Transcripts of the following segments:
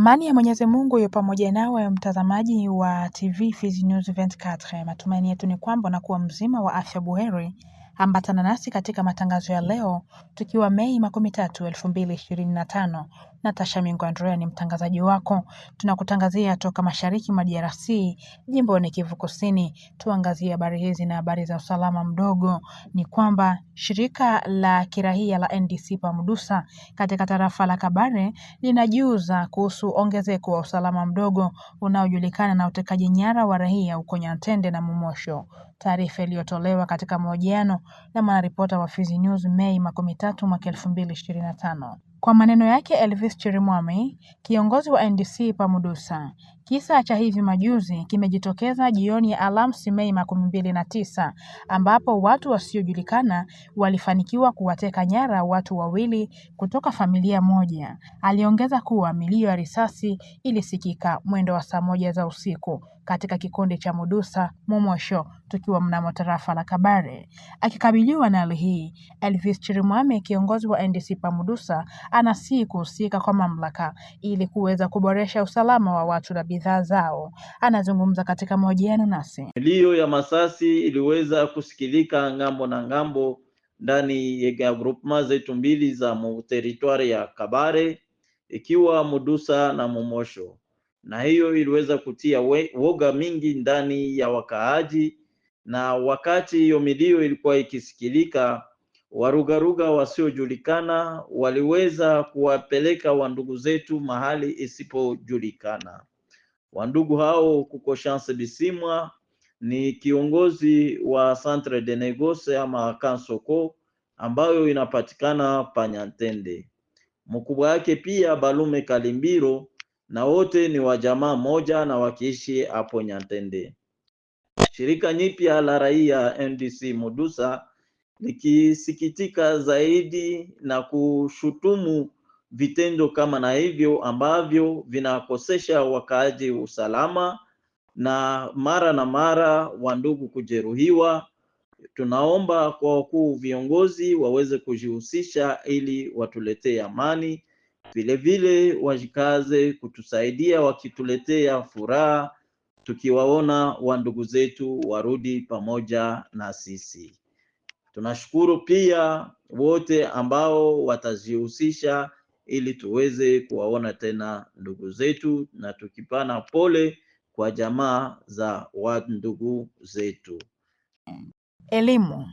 Amani ya mwenyezi mungu yu pamoja nawe mtazamaji wa TV Fizi News 24. Matumaini yetu ni kwamba unakuwa mzima wa afya buheri. Ambatana nasi katika matangazo ya leo tukiwa Mei makumi tatu elfu mbili ishirini na tano Natasha Mingo Andrea ni mtangazaji wako. Tunakutangazia toka mashariki mwa DRC, jimbo ni Kivu Kusini. Tuangazie habari hizi na habari za usalama mdogo. Ni kwamba shirika la kirahia la NDC PAMUDUSA katika tarafa la Kabare linajiuza kuhusu ongezeko wa usalama mdogo unaojulikana na utekaji nyara wa rahia huko Nyantende na Mumosho. Taarifa iliyotolewa katika mahojiano na mwanaripota wa Fizi News Mei makumi tatu mwaka elfu mbili ishirini na tano. Kwa maneno yake Elvis Chirimwami, kiongozi wa NDC-PAMUDUSA Kisa cha hivi majuzi kimejitokeza jioni ya Alhamisi Mei makumi mbili na tisa ambapo watu wasiojulikana walifanikiwa kuwateka nyara watu wawili kutoka familia moja. Aliongeza kuwa milio ya risasi ilisikika mwendo wa saa moja za usiku katika kikundi cha Mudusa Momosho, tukiwa mnamo tarafa la Kabare. Akikabiliwa na hali hii, Elvis Chirimwami, kiongozi wa NDC mudusa anasii kuhusika kwa mamlaka ili kuweza kuboresha usalama wa watu na bidhaa zao. Anazungumza katika mahojiano nasi. Milio ya masasi iliweza kusikilika ng'ambo na ng'ambo ndani ya grupma zetu mbili za teritwari ya Kabare ikiwa Mudusa na mumosho na hiyo iliweza kutia we, woga mingi ndani ya wakaaji. Na wakati hiyo milio ilikuwa ikisikilika, warugaruga wasiojulikana waliweza kuwapeleka wandugu zetu mahali isipojulikana. Wandugu hao kuko Chance Bisimwa ni kiongozi wa Centre de Negoce ama Kansoko ambayo inapatikana Panyantende, mkubwa yake pia Balume Kalimbiro, na wote ni wa jamaa moja na wakiishi hapo Nyantende. Shirika nyipya la raia NDC Mudusa likisikitika zaidi na kushutumu vitendo kama na hivyo ambavyo vinakosesha wakaaji usalama na mara na mara wa ndugu kujeruhiwa. Tunaomba kwa wakuu viongozi waweze kujihusisha ili watuletee amani, vilevile wajikaze kutusaidia wakituletea furaha tukiwaona wandugu zetu warudi pamoja na sisi. Tunashukuru pia wote ambao watajihusisha ili tuweze kuwaona tena ndugu zetu, na tukipana pole kwa jamaa za wa ndugu zetu. Elimu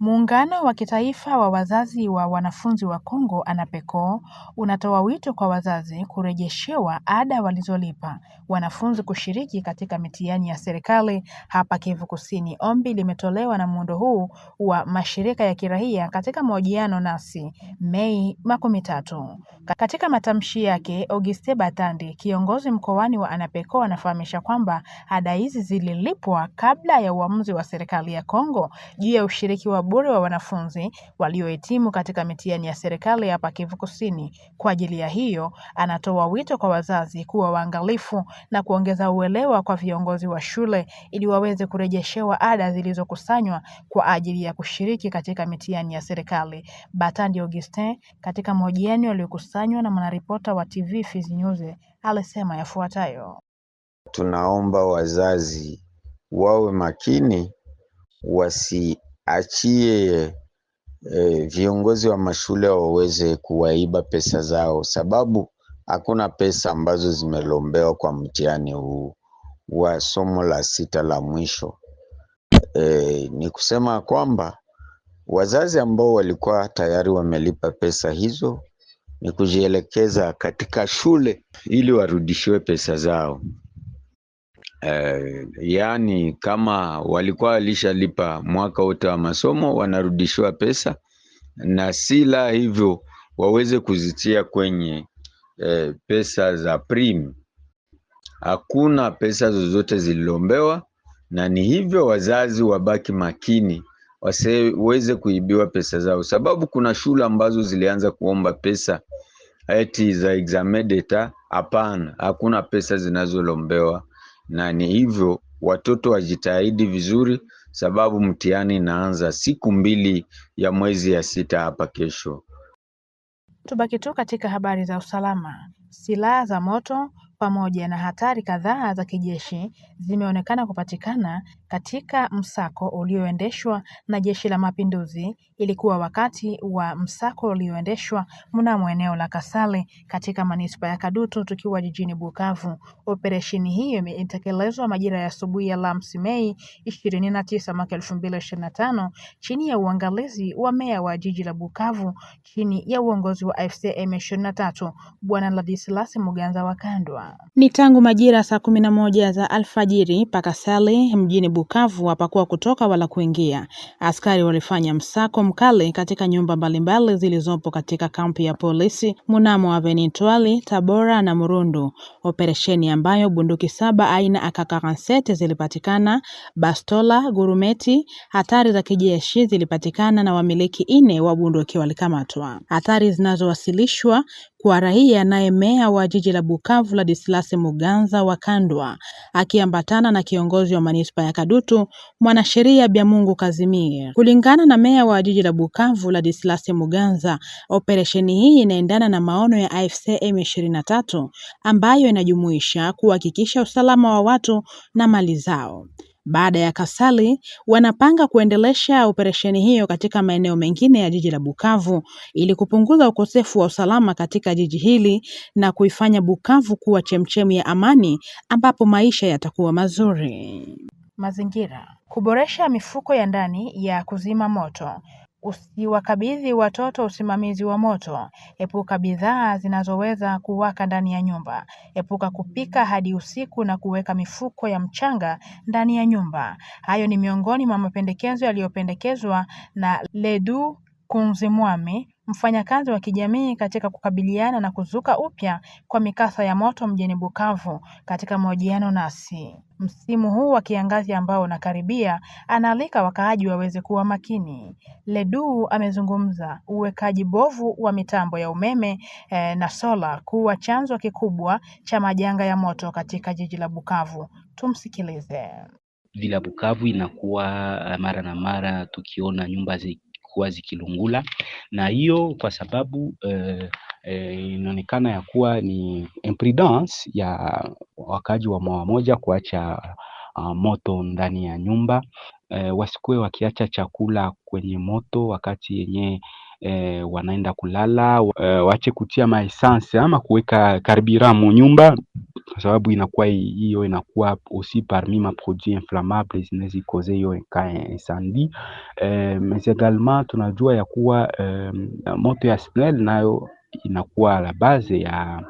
Muungano wa Kitaifa wa Wazazi wa Wanafunzi wa Kongo ANAPECO unatoa wito kwa wazazi kurejeshewa ada walizolipa wanafunzi kushiriki katika mitihani ya serikali hapa Kivu Kusini. Ombi limetolewa na muundo huu wa mashirika ya kiraia katika mahojiano nasi Mei makumi tatu. Katika matamshi yake, Auguste Batandi, kiongozi mkoani wa ANAPECO, anafahamisha kwamba ada hizi zililipwa kabla ya uamuzi wa serikali ya Kongo juu ya ushiriki wa bure wa wanafunzi waliohitimu katika mitihani ya serikali hapa Kivu Kusini. Kwa ajili ya hiyo, anatoa wito kwa wazazi kuwa waangalifu na kuongeza uelewa kwa viongozi wa shule ili waweze kurejeshewa ada zilizokusanywa kwa ajili ya kushiriki katika mitihani ya serikali. Batandi Augustin katika mahojiano yaliyokusanywa na mwanaripota wa TV Fizi News alisema yafuatayo: Tunaomba wazazi wawe makini, wasi achie e, viongozi wa mashule waweze kuwaiba pesa zao, sababu hakuna pesa ambazo zimelombewa kwa mtihani huu wa somo la sita la mwisho. E, ni kusema kwamba wazazi ambao walikuwa tayari wamelipa pesa hizo ni kujielekeza katika shule ili warudishiwe pesa zao eh, yaani kama walikuwa walishalipa mwaka wote wa masomo wanarudishiwa pesa, na si la hivyo waweze kuzitia kwenye eh, pesa za prim. Hakuna pesa zozote zililombewa, na ni hivyo wazazi wabaki makini wasiweze kuibiwa pesa zao, sababu kuna shule ambazo zilianza kuomba pesa eti za examedeta. Hapana, hakuna pesa zinazolombewa na ni hivyo watoto wajitahidi vizuri, sababu mtihani inaanza siku mbili ya mwezi ya sita hapa kesho. Tubaki tu katika habari za usalama. Silaha za moto pamoja na hatari kadhaa za kijeshi zimeonekana kupatikana katika msako ulioendeshwa na Jeshi la Mapinduzi. Ilikuwa wakati wa msako ulioendeshwa mnamo eneo la Kasale katika manispa ya Kadutu, tukiwa jijini Bukavu. Operesheni hiyo imetekelezwa majira ya asubuhi ya lamsi Mei 29 mwaka 2025 chini ya uangalizi wa meya wa jiji la Bukavu chini ya uongozi wa AFC M Bwana Ladislas Muganza wa Kandwa. Ni tangu majira saa kumi na moja za alfajiri mpaka sali mjini Bukavu hapakuwa kutoka wala kuingia. Askari walifanya msako mkali katika nyumba mbalimbali zilizopo katika kampi ya polisi munamo Avenue Tabora na Murundu, operesheni ambayo bunduki saba aina ak zilipatikana, bastola, gurumeti, hatari za kijeshi zilipatikana na wamiliki ine wa bunduki walikamatwa. Hatari zinazowasilishwa kwa raia naye meya wa jiji la Bukavu Ladislas Muganza wa kandwa akiambatana na kiongozi wa manispa ya Kadutu mwanasheria Byamungu Kazimir. Kulingana na meya wa jiji la Bukavu Ladislas Muganza, operesheni hii inaendana na maono ya AFC M23 ambayo inajumuisha kuhakikisha usalama wa watu na mali zao. Baada ya Kasali, wanapanga kuendelesha operesheni hiyo katika maeneo mengine ya jiji la Bukavu ili kupunguza ukosefu wa usalama katika jiji hili na kuifanya Bukavu kuwa chemchemi ya amani ambapo maisha yatakuwa mazuri. Mazingira: kuboresha mifuko ya ndani ya kuzima moto, Usiwakabidhi watoto usimamizi wa moto. Epuka bidhaa zinazoweza kuwaka ndani ya nyumba. Epuka kupika hadi usiku na kuweka mifuko ya mchanga ndani ya nyumba. Hayo ni miongoni mwa mapendekezo yaliyopendekezwa na Ledu Kunzimwami mfanyakazi wa kijamii katika kukabiliana na kuzuka upya kwa mikasa ya moto mjini Bukavu. Katika mahojiano nasi msimu huu wa kiangazi ambao unakaribia, anaalika wakaaji waweze kuwa makini. Ledu amezungumza uwekaji bovu wa mitambo ya umeme e, na sola kuwa chanzo kikubwa cha majanga ya moto katika jiji la Bukavu. Tumsikilize. Vila Bukavu inakuwa eh, mara na mara tukiona nyumba zi zilikuwa zikilungula, na hiyo kwa sababu eh, eh, inaonekana ya kuwa ni imprudence ya wakaaji wa mwa moja kuacha uh, moto ndani ya nyumba eh, wasikuwe wakiacha chakula kwenye moto wakati yenyewe e, wanaenda kulala e, eh, wache kutia maesanse ama kuweka karbira mu nyumba, kwa sababu inakuwa hiyo inakuwa aussi parmi ma produits inflammables zinaweza cause hiyo incendie e, mais également tunajua ya kuwa e, moto ya SNEL nayo inakuwa la base ya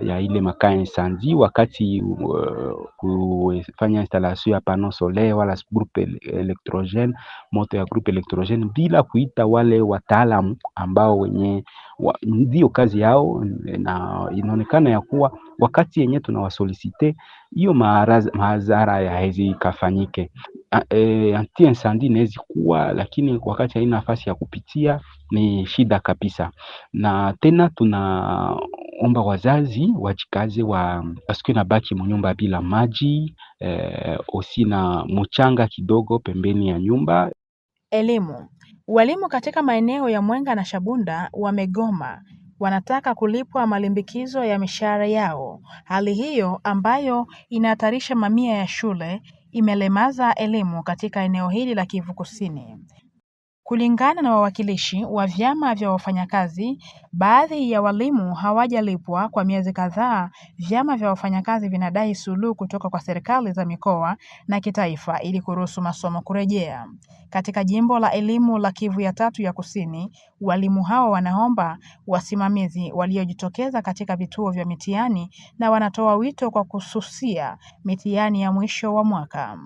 ya ile makaa insanji wakati uh, kufanya instalation ya pano solaire wala groupe electrogene, moto ya groupe electrogene bila kuita wale wataalamu ambao wenye wa, ndio kazi yao, na inaonekana ya kuwa wakati yenye tunawasolisite hiyo maadhara yaezi ikafanyike. E, anti insendi inawezi kuwa, lakini wakati haina nafasi ya kupitia ni shida kabisa. Na tena tunaomba wazazi wajikaze, wa asikuwe na baki munyumba bila maji e, osi na mchanga kidogo pembeni ya nyumba. Elimu. Walimu katika maeneo ya Mwenga na Shabunda wamegoma wanataka kulipwa malimbikizo ya mishahara yao. Hali hiyo ambayo inahatarisha mamia ya shule imelemaza elimu katika eneo hili la Kivu Kusini. Kulingana na wawakilishi wa vyama vya wafanyakazi, baadhi ya walimu hawajalipwa kwa miezi kadhaa. Vyama vya wafanyakazi vinadai suluhu kutoka kwa serikali za mikoa na kitaifa ili kuruhusu masomo kurejea. Katika jimbo la elimu la Kivu ya tatu ya Kusini, walimu hao wanaomba wasimamizi waliojitokeza katika vituo vya mitihani na wanatoa wito kwa kususia mitihani ya mwisho wa mwaka.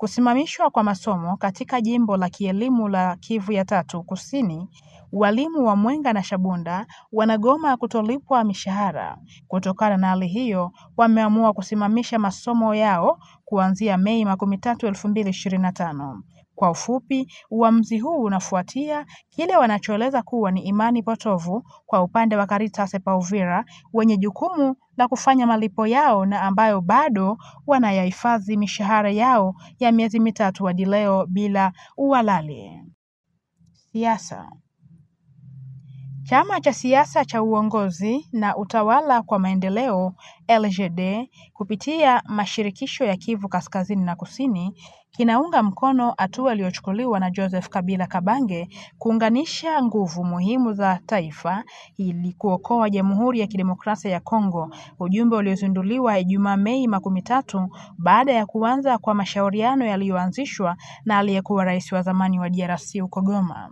Kusimamishwa kwa masomo katika jimbo la kielimu la Kivu ya Tatu Kusini, walimu wa Mwenga na Shabunda wanagoma kutolipwa mishahara. Kutokana na hali hiyo, wameamua kusimamisha masomo yao kuanzia Mei makumi tatu elfu mbili ishirini na tano. Kwa ufupi, uamuzi huu unafuatia kile wanachoeleza kuwa ni imani potovu kwa upande wa Caritas pa Uvira wenye jukumu la kufanya malipo yao na ambayo bado wanayahifadhi mishahara yao ya miezi mitatu hadi leo bila uhalali. Siasa. Chama cha Siasa cha Uongozi na Utawala kwa Maendeleo, LGD, kupitia mashirikisho ya Kivu Kaskazini na Kusini kinaunga mkono hatua iliyochukuliwa na Joseph Kabila Kabange kuunganisha nguvu muhimu za taifa ili kuokoa Jamhuri ya Kidemokrasia ya Kongo, ujumbe uliozinduliwa Ijumaa Mei makumi tatu baada ya kuanza kwa mashauriano yaliyoanzishwa na aliyekuwa rais wa zamani wa DRC huko Goma.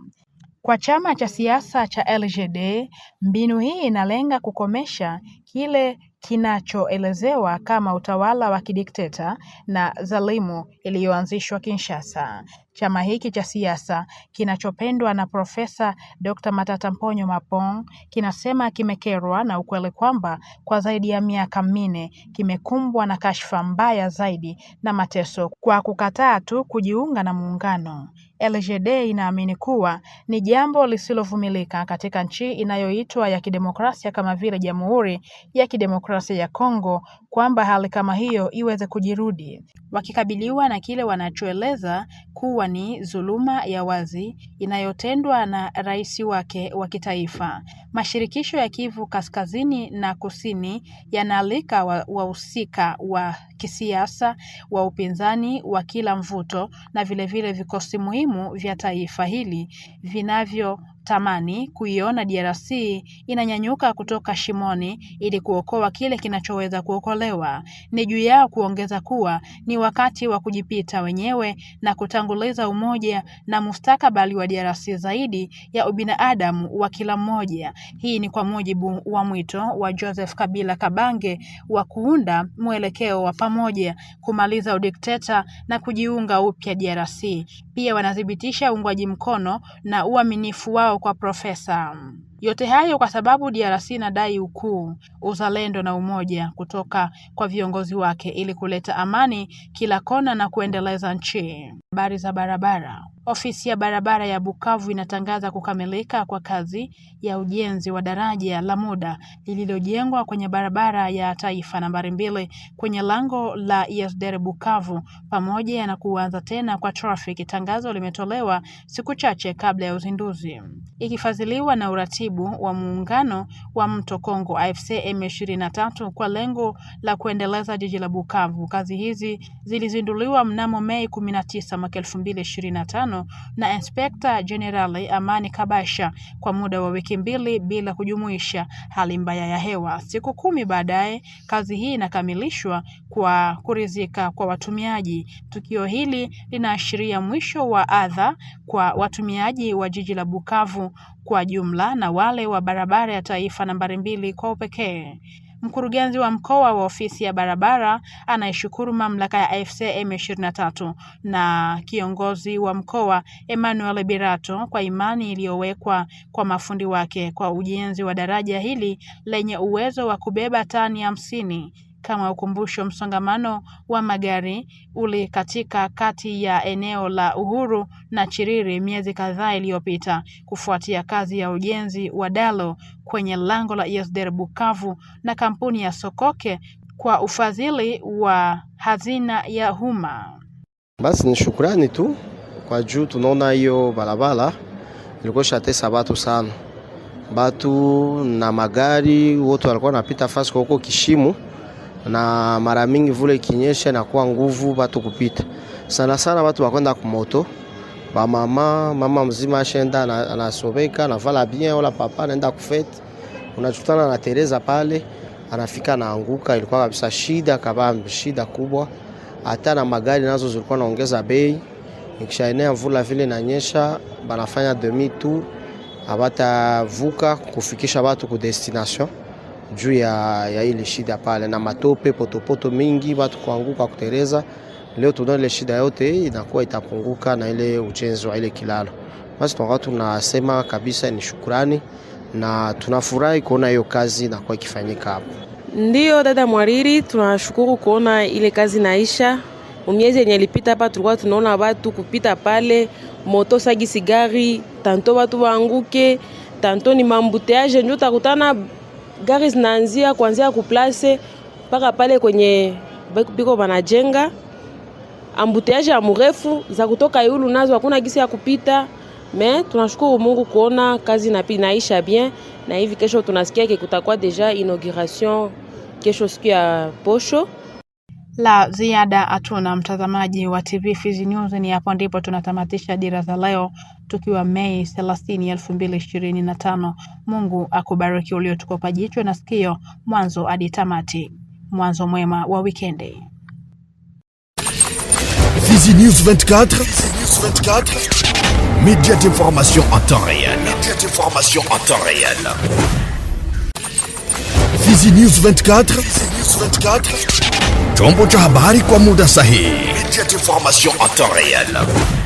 Kwa chama cha siasa cha LGD, mbinu hii inalenga kukomesha kile kinachoelezewa kama utawala wa kidikteta na zalimu iliyoanzishwa Kinshasa. Chama hiki cha siasa kinachopendwa na Profesa Dr. Matata Mponyo Mapong kinasema kimekerwa na ukweli kwamba kwa zaidi ya miaka minne kimekumbwa na kashfa mbaya zaidi na mateso kwa kukataa tu kujiunga na muungano. LGD inaamini kuwa ni jambo lisilovumilika katika nchi inayoitwa ya kidemokrasia kama vile Jamhuri ya Kidemokrasia ya Kongo kwamba hali kama hiyo iweze kujirudi, wakikabiliwa na kile wanachoeleza kuwa ni dhuluma ya wazi inayotendwa na rais wake wa kitaifa. Mashirikisho ya Kivu Kaskazini na Kusini yanaalika wahusika wa, wa kisiasa wa upinzani wa kila mvuto na vilevile vile vikosi muhimu vya taifa hili vinavyo tamani kuiona DRC inanyanyuka kutoka shimoni ili kuokoa kile kinachoweza kuokolewa. Ni juu yao kuongeza kuwa ni wakati wa kujipita wenyewe na kutanguliza umoja na mustakabali wa DRC zaidi ya ubinadamu wa kila mmoja. Hii ni kwa mujibu wa mwito wa Joseph Kabila Kabange wa kuunda mwelekeo wa pamoja, kumaliza udikteta na kujiunga upya DRC pia wanathibitisha uungwaji mkono na uaminifu wao kwa Profesa. Yote hayo kwa sababu DRC inadai ukuu, uzalendo na umoja kutoka kwa viongozi wake ili kuleta amani kila kona na kuendeleza nchi. Habari za barabara. Ofisi ya barabara ya Bukavu inatangaza kukamilika kwa kazi ya ujenzi wa daraja la muda lililojengwa kwenye barabara ya taifa nambari mbili kwenye lango la ISDR Bukavu pamoja na kuanza tena kwa trafiki. Tangazo limetolewa siku chache kabla ya uzinduzi, ikifadhiliwa na uratibu wa muungano wa Mto Kongo AFC M23 kwa lengo la kuendeleza jiji la Bukavu. Kazi hizi zilizinduliwa mnamo Mei 19 mwaka 2025 mapambano na Inspekta Jenerali Amani Kabasha kwa muda wa wiki mbili bila kujumuisha hali mbaya ya hewa. Siku kumi baadaye, kazi hii inakamilishwa kwa kuridhika kwa watumiaji. Tukio hili linaashiria mwisho wa adha kwa watumiaji wa jiji la Bukavu kwa jumla na wale wa barabara ya taifa nambari mbili kwa upekee. Mkurugenzi wa mkoa wa ofisi ya barabara anaishukuru mamlaka ya AFC M23 na kiongozi wa mkoa Emmanuel Birato kwa imani iliyowekwa kwa mafundi wake kwa ujenzi wa daraja hili lenye uwezo wa kubeba tani hamsini kama ukumbusho msongamano wa magari ulikatika kati ya eneo la Uhuru na Chiriri miezi kadhaa iliyopita kufuatia kazi ya ujenzi wa dalo kwenye lango la ISDR Bukavu na kampuni ya Sokoke kwa ufadhili wa hazina ya umma. Basi ni shukrani tu kwa juu, tunaona hiyo barabara ilikuwa shatesa watu sana, batu na magari wote walikuwa wanapita fasi huko kishimu na mara mingi vule ikinyesha inakuwa nguvu batu kupita sana sana, batu bakwenda kumoto ba mama mama mzima ashenda anasomeka anavala bien, wala papa anaenda kufete, unachutana na Teresa pale, anafika naanguka. Ilikuwa kabisa shida kabambi, shida kubwa. Hata na magari nazo zilikuwa naongeza bei, ikishaenea mvula vile nanyesha, banafanya demi tour abatavuka kufikisha batu ku destination juu ya, ya ile shida pale na matope potopoto mingi watu kuanguka kutereza. Leo tuna ile shida yote inakuwa itapunguka na ile ujenzi wa ile kilalo. Basi tunataka tunasema kabisa ni shukrani na tunafurahi kuona hiyo kazi inakuwa ikifanyika hapo. Ndiyo dada Mwariri, tunashukuru kuona ile kazi naisha. Miezi yenye ilipita hapa tulikuwa tunaona watu kupita pale moto sagi sigari, tanto watu waanguke, tanto ni mambuteaje ndio takutana gari zinaanzia kuanzia kuplase mpaka pale kwenye biko banajenga. Ambuteaje ya mrefu za kutoka Ihulu nazo hakuna gisi ya kupita. Me tunashukuru Mungu kuona kazi na inaisha bien, na hivi kesho tunasikia kutakuwa deja inauguration kesho siku ya posho la ziada hatuna, mtazamaji wa TV Fizi News. Ni hapo ndipo tunatamatisha dira za leo, tukiwa Mei 30, 2025. Mungu akubariki uliotukopa jicho na sikio mwanzo hadi tamati. Mwanzo mwema wa wikendi. Fizi News 24, Fizi média d'information en temps réel, média d'information en temps réel. Fizi News 24, Fizi News 24 chombo cha habari kwa muda sahihi, information en temps réel